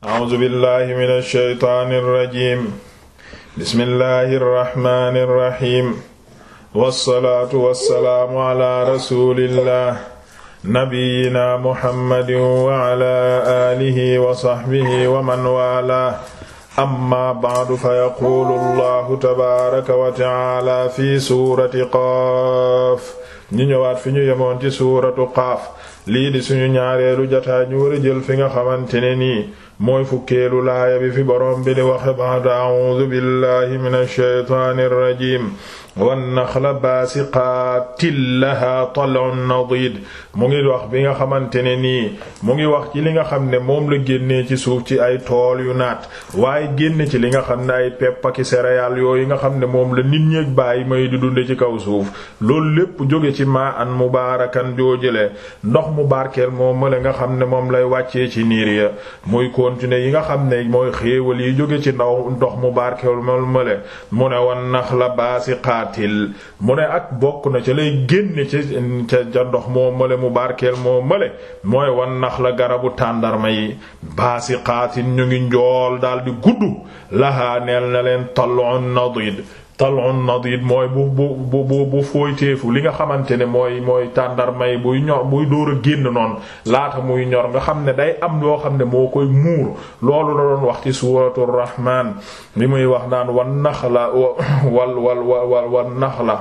a'uuzu billahi mina shaytaani rajiim bismillahi rahmaani rahiim wassalaatu wassalaamu ala rasulillah nabiyyina muhammadin wa ala aalihi wa sahbihi wa man waalaahu amma ba'du fa yaquulu allahu tabaaraka wa ta'aala fi suurati qaaf ñu ñëwaat fi ñu yemoon ci suuratu qaaf lii di suñu ñaareelu jataay ñu war a jël fi nga xamante ne nii mooy fukkeelu laaya bi fi borom bi di waxe baada a'uudu billahi minash shaytaanir rajiim wannaxla baasiqaatin lahaa tal'un nadiid mu ngi wax bi nga xamante ne nii mu ngi wax ci li nga xam ne moom la génnee ci suuf ci ay tool yu naat waaye génn ci li nga xam ne ay pepp ak céréales yooyu nga xam ne moom la nit ñeeg bàyyi may di dunde ci kaw suuf loolu lépp jóge ci maa an mubaarakan joojëlee ndox mu barkeel moo male nga xam ne moom lay wàccee ci niir ya muy continuer yi nga xam ne mooy xéewal yi jóge ci ndaw ndox mu barkeel moom male mu ne wan nax la baasi xaatil mu ne ak bokk na ca lay génne ca ca ndox moo male mu barkeel moo male mooy wan nax la garabu tàndarma yi baasi xaatil ñu ngi njool daal di gudd lahaa neel na leen talloon nadid tal'un nadid mooy bu bu bu bu bu fooyteefu li nga xamante ne mooy mooy tàndarmay buy ñor buy dóor a génn noonu laata muy ñor nga xam ne day am loo xam ne moo koy muur loolu la doon wax ci suuratu rahmaan bi muy wax naan wan naxla wal wal wal wal naxla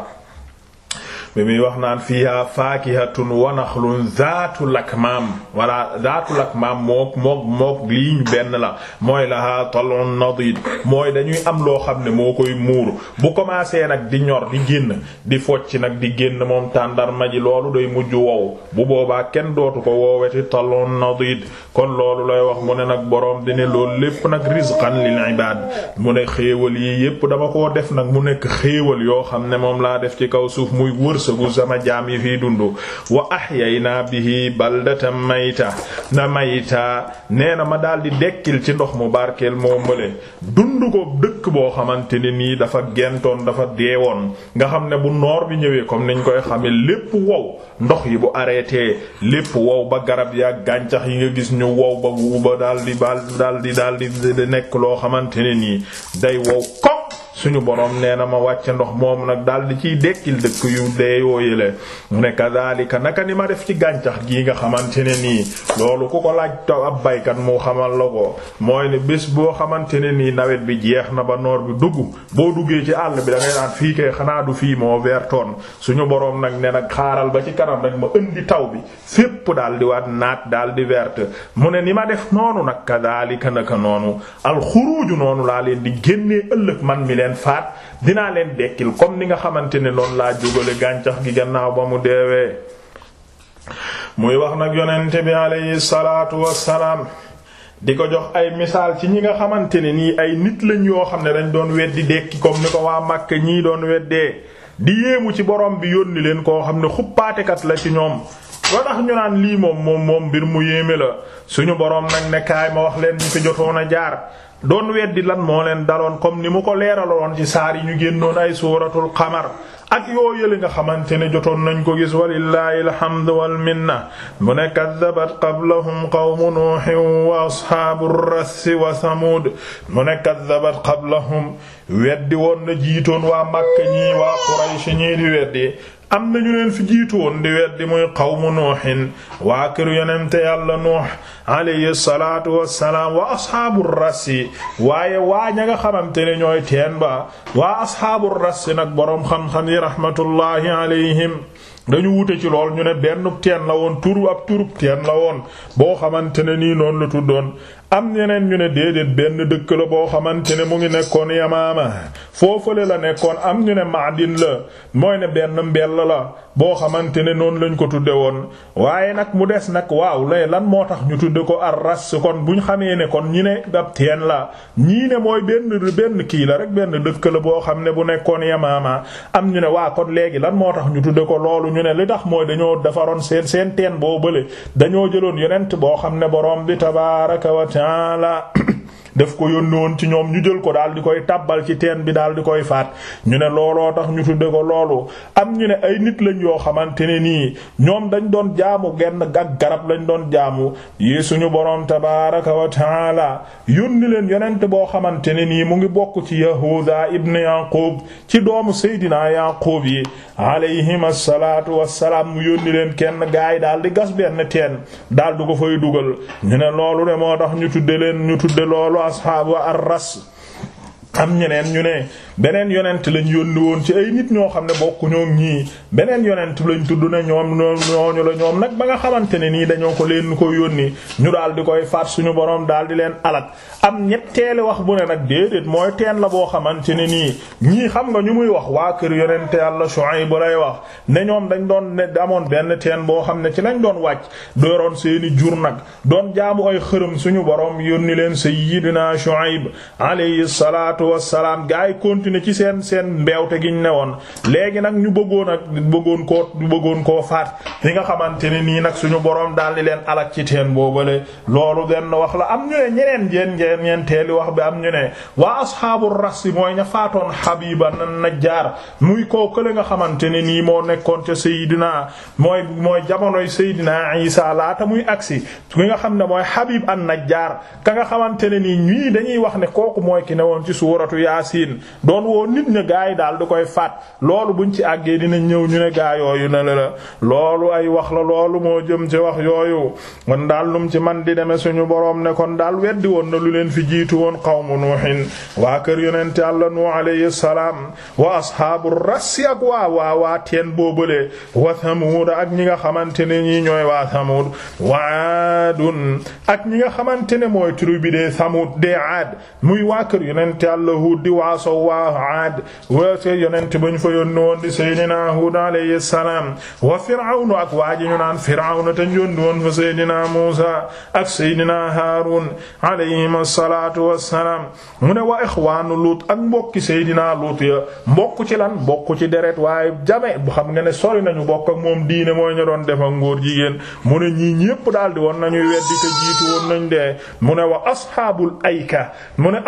bi muy wax naan fiha faakihatun wa naxlun zaatu lakmaam wala zaatu maam mook mook mook liiñ benn la mooy la lahaa tal'un nadiid mooy dañuy am loo xam ne moo koy muur bu commencé nag di ñor di génn di focc nag di génn moom tàndarma ji loolu day mujj wow bu boobaa kenn dootu ko wooweti tal'un nadiid kon loolu lay wax mu ne nag boroom di ne loolu lépp nag rizqan lil ibaad mu ne xéewal yi yépp dama koo def nag mu nekk xéewal yoo xam ne moom laa def ci kaw suuf muy wërsëgu sama jaam yi fiy dundu wa ahyayna bihi baldatan mayta na mayita nee na ma daldi dekkil ci ndox mu barkeel moo mële dund ko dëkk boo xamante ne nii dafa gentoon dafa deewoon nga xam ne bu noor bi ñëwee comme niñ koy xamee lépp wow ndox yi bu arrêté lépp wow ba garab ya gàncax yi nga gis ñu wow ba wu ba daldi bal daldi daldi nekk loo xamante ne nii day wow suñu boroom nee na ma wàcce ndox moom nag daal di ciy dekkil dëkk yu dee yoo yële mu ne kadhalika naka ni ma def ci gàncax gii nga xamante ne nii loolu ku ko laaj taw ab baykat mu xamal la ko mooy ne bés boo xamante ne nii nawet bi jeex na ba noor bi dugg boo duggee ci àll bi da ngay naan fii kay xanaa du fii moo weertoon suñu boroom nag ne nag xaaral ba ci kanam rek ma indi taw bi fépp daal di waat naat daal di verte mu ne ni ma def noonu nag kadhalika naka noonu leen faat dinaa leen dekkil comme ni nga xamante ne noonu laa jógale gàncax gi gannaaw ba mu deewee muy wax nag yonente bi alayhi salaatu wassalaam di ko jox ay misaal ci ñi nga xamante ne nii ay nit lañ yoo xam ne dañ doon weddi dekki comme ni ko waa Makka ñii doon weddee di yéemu ci borom bi yónni leen koo xam ne xuppaatekat la ci ñoom ba ñu naan lii moom moom moom mbir mu yéeme la suñu boroom nag ne kaay ma wax leen ñu fi jotoon a jaar doon weddi lan moo leen daloon comme ni mu ko leeraloon ci saar yi ñu génnoon ay suuratul xamar ak yoo yële nga xamante ne jotoon nañ ko gis walillahi alhamdu wal minna mu ne kaddabat qablahum qawmu nuuhin wa ashaabu rassi wa samuud mu ne kaddabat qablahum weddi woon na jiitoon waa Makka ñii waa Quraysh ñii di weddi am nañu leen fi jiitu woon di weddi muy qawmu nuuhin waa kër yonente yàlla nuux alayhi salaatu wassalaam wa ashaabu rasi waaye waa ña nga xamante ne ñooy teen ba waa ashaabu rassi nag boroom xam-xam yi rahmatullahi alayhim dañu wute ci lool ñu ne benn teen la woon tur ab turub teen la woon boo xamante ne nii noonu la tuddoon am ñeneen ñu ne déedéet benn dëkk la boo xamante ne mu ngi nekkoon yamaama foofale la nekkoon am ñu ne maadin la mooy ne benn mbell boo xamante ne noonu lañ ko tudde woon waaye nag mu des nag waaw lay lan moo tax ñu tudde ko ar arras kon bu ñu xamee ne kon ñu ne ab teen la ñii ne mooy benn benn kii la rek benn dëkk la boo xam ne bu nekkoon yamaama am ñu ne waa kon léegi lan moo tax ñu tudde ko loolu ñu ne li tax mooy dañoo defaroon seen seen teen boo bële dañoo jëloon yonent boo xam ne borom bi tabaaraka wa taala def ko yónni woon ci ñoom ñu jël ko daal di koy tàbbal ci teen bi daal di koy faat ñu ne looloo tax ñu tudde ko loolu am ñu ne ay nit lañ yoo xamante ne nii ñoom dañ doon jaamu genn gag garab lañ doon jaamu yi suñu borom tabaaraka wa taala yónni leen yonent boo xamante ne nii mu ngi bokk ci yahuda ibn yaqub ci doomu seydinaa yaqub yi alayhim assalaatu wassalaam mu yónni leen kenn gaay daal di gas benn teen daal di ko fay dugal ñu ne loolu moo tax ñu tudde leen ñu tudde loolu ashaabu ar-ras am ñeneen ñu ne beneen yonent lañ yónni woon ci ay nit ñoo xam ne bokku ñoom ñii beneen yonent lañ tudd na ñoom ñooñu la ñoom nag ba nga xamante ne nii dañoo ko leen ko yónni ñu dal di koy faat suñu boroom daal di leen alak am ñetteeli wax bu ne nag déedéet mooy teen la boo xamante ne nii ñii xam nga ñu muy wax waa kër yonent Yàlla Shuayb bu lay wax ne ñoom dañ doon ne amoon benn teen boo xam ne ci lañ doon wàcc dooroon seeni jur nag doon jaamu ay xërëm suñu boroom yónni leen sayyidina Shuayb alayhi salaatu wasalaam gaa yi continuer ci seen seen mbeewte gi ñu ne woon léegi nag ñu bëggoon ak bëggoon koo bëggoon koo faat li nga xamante ne nii nag suñu boroom daal di leen alak ci teen boobale loolu benn wax la am ñu ne ñeneen ngeen ngeen ñeenteeli wax bi am ñu ne waa asxaabu rasi mooy ña faatoon Habiba an-Najjaar muy koo kële nga xamante ne nii moo nekkoon te Seydina mooy mooy jamonoy Seydina Isa laata muy agsi ki nga xam ne mooy Habib a najjaar ka nga xamante ne nii wax ne kooku mooy ki suuratu yaasiin doon woo nit ñi gaa yi daal di koy ñu ne gaa yooyu ne la ay wax la loolu moo jëm ci wax yooyu kon daal num ci man di demee suñu boroom ne kon daal weddi woon na lu leen fi jiitu woon qawmu nuuhin waa kër yonent Yàlla Nuux alayhi wa ashaabu rassi ak waa waa waa teen boobale wa Samuud ak ñi nga xamante ne ñooy waa Samuud wa Aadun ak ñi nga xamante ne mooy tribu de Samuud de Aad muy waa kër yonent Yàlla yàlla Huud di waa sow waa Aad waa ca yonent ba ñu fa yónni woon di Seydina Huud alayhi salaam wa Firawnu ak waa ji ñu naan Firawnu te ñu yónni woon fa Seydina Muusa ak Seydina Haaruun alayhima salaatu wassalaam mu ne wa ixwaanu Luut ak mbokki Seydina Luut ya mbokk ci lan mbokk ci deret waaye jame bu xam nga ne sori nañu bokk moom diine mooy ñu doon def ak ngóor jigéen mu ne ñii ñépp daldi woon nañuy weddi te jiitu woon nañ de mu ne wa ashaabul ayka mu ne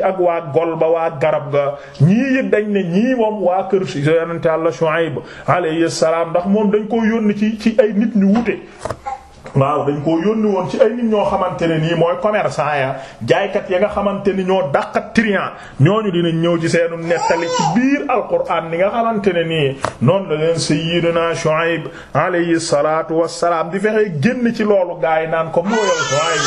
ak waa gol ba waa garab ga ñii yit dañ ne ñii wom waa kër si yonente Yàlla Shuayb alayhi salaam ndax moom dañ koo yónni ci ci ay nit ñu wute waaw dañ koo yónni woon ci ay nit ñoo xamante ne nii mooy commerçant ya jaaykat ya nga xamante ni ñoo dàqat trian ñooñu dina ñëw ci seenu nettali ci biir alquran ni nga xamante ne nii noon la leen sayyidina Shuaib alayhi salaatu salaam di fexee génn ci loolu gaay naan ko mooyal Shuaib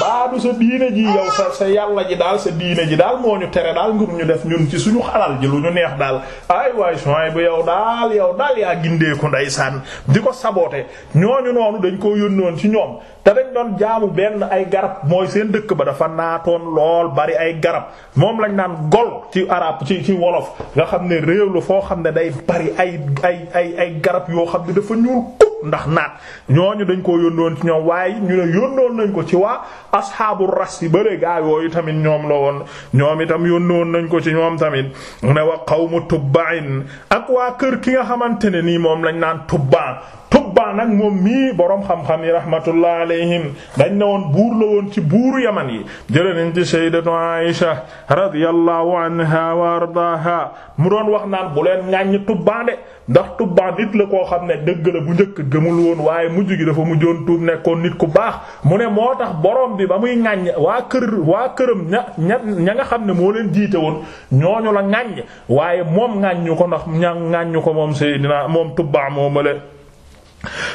baadu sa diine ji yow sa sa yàlla ji daal sa diine ji daal moo ñu tere daal ngir ñu def ñun ci suñu xalal ji lu ñu neex daal ay waay soy bu yow daal yow daal yaa gindeeku ndeysaan di ko saboote ñooñu noonu dañ koo yónnoon ci ñoom te dañ doon jaamu benn ay garab mooy seen dëkk ba dafa naatoon lool bari ay garab moom lañ naan gol ci arab ci ci wolof nga xam ne réew lu foo xam ne day bari ay ay ay ay garab yoo xam ne dafa ñuul ndax naat ñooñu dañ koo yóndoon ci ñoom waaye ñu ne yóndoon nañ ko ci waa asxaabu ras yi bëre gaa yooyu tamit ñoom la woon ñoom itam yóndoon nañ ko ci ñoom tamit ne wa qawmu tubba'in ak waa kër ki nga xamante ne nii moom lañ naan tubba Urwa nag moom mii boroom xam-xam yi rahmatullah alayhim dañ ne woon buur la woon ci buuru yaman yi jële nañ ci sayyidatu Aisha radiyallahu anha wa ardaaha mu doon wax naan bu leen ŋàññ tubbaan de ndax tubbaan nit la koo xam ne dëgg la bu njëkk gëmul woon waaye mujj gi dafa mujjoon tuub nekkoon nit ku baax mu ne moo tax boroom bi ba muy ŋàññ waa kër waa këram ña ña ña nga xam ne moo leen jiite woon ñooñu la ŋàññ waaye moom ŋàññu ko ndax ña ŋàññu ko moom Seydina moom tubbaa moomale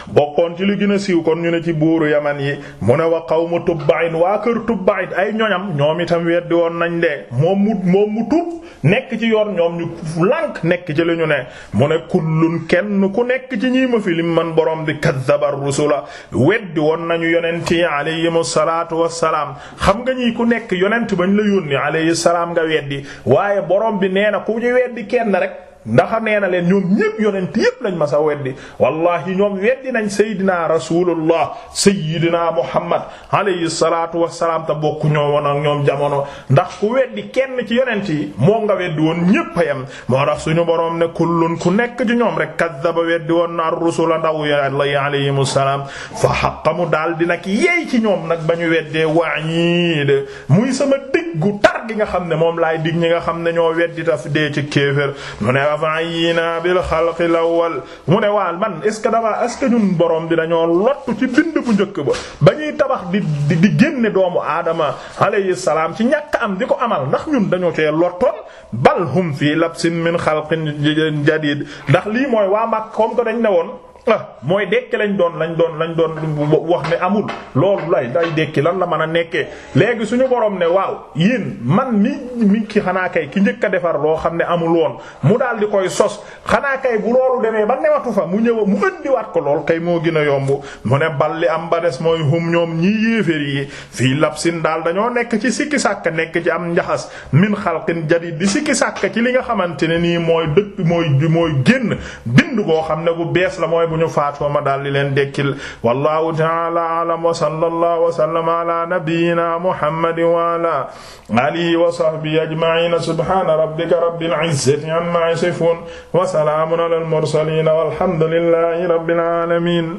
bokkoon ci li gën a siiw kon ñu ne ci buuru yaman yi mu ne wa qawmu tubba'in waa kër tubba'in ay ñoñam ñoom itam weddi woon nañ de moom mu moom mu tub nekk ci yoon ñoom ñu lànk nekk ci li ñu ne mu ne kullun kenn ku nekk ci ñii ma fi lim man borom bi kaddabar rusula weddi woon nañu yonent yi alayhimu salaatu wassalaam xam nga ñii ku nekk yonent bañ la yónni alayhi salaam nga weddi waaye borom bi nee na ku ñu weddi kenn rek ndax nee na leen ñoom ñépp yonent yépp lañ ma sa weddi wallahi ñoom weddi nañ saydina rasulullah sayyidina muhammad alayhi salatu wasalaam te bokku ñoo woon ak ñoom jamono ndax ku weddi kenn ci yonent yi moo nga weddi woon ñépp a moo tax suñu boroom ne kullun ku nekk ci ñoom rek kaddaba weddi woon na ar-rusula ndaw yàllayi alayhim salaam fa xaqamu daal di nag yeey ci ñoom nag ba ñu weddee wañiid muy sama diggu tar gi nga xam ne moom laay dig ñi nga xam ne ñoo weddi taf dee afayyina bil xalqil awwal mu ne waa man est ce que damaa est que ñun boroom bi dañoo lottu ci bind bu njëkk ba ba ñuy tabax di di génne doomu aadama alayhi salaam ci ñàkk am di ko amal ndax ñun dañoo cee lottoon bal hum fii labsin min xalqin jadid ndax lii mooy waa mag comme ko dañ ne woon ah mooy dekki lañ doon lañ doon lañ doon wax ne amul loolu lay day dekki lan la mën a nekkee léegi suñu borom ne waaw yéen man mi mi ki xanaa kay ki njëkk a defar loo xam ne amul woon mu daal di koy sos xanaa kay bu loolu demee ba newatu fa mu ñëw mu ëndiwaat ko lool kay moo gën a yomb mu ne balli am ba des mooy hum ñoom ñii yéeféer yi fii labsin daal dañoo nekk ci sikki sàkk nekk ci am njaxas min xalqin jadid di sikki sàkk ci li nga xamante ne nii mooy dëkk mooy mooy génn bind koo xam ne bu bees la bu ñu faat ko ma daal di leen dekkil wallahu ta'ala a'lam wa sallallahu wa sallama ala nabiyyina muhammadin wa ala alihi wa sahbihi ajma'in subhana rabbika rabbil izzati amma yasifun wa salamun alal mursalin walhamdulillahi rabbil alamin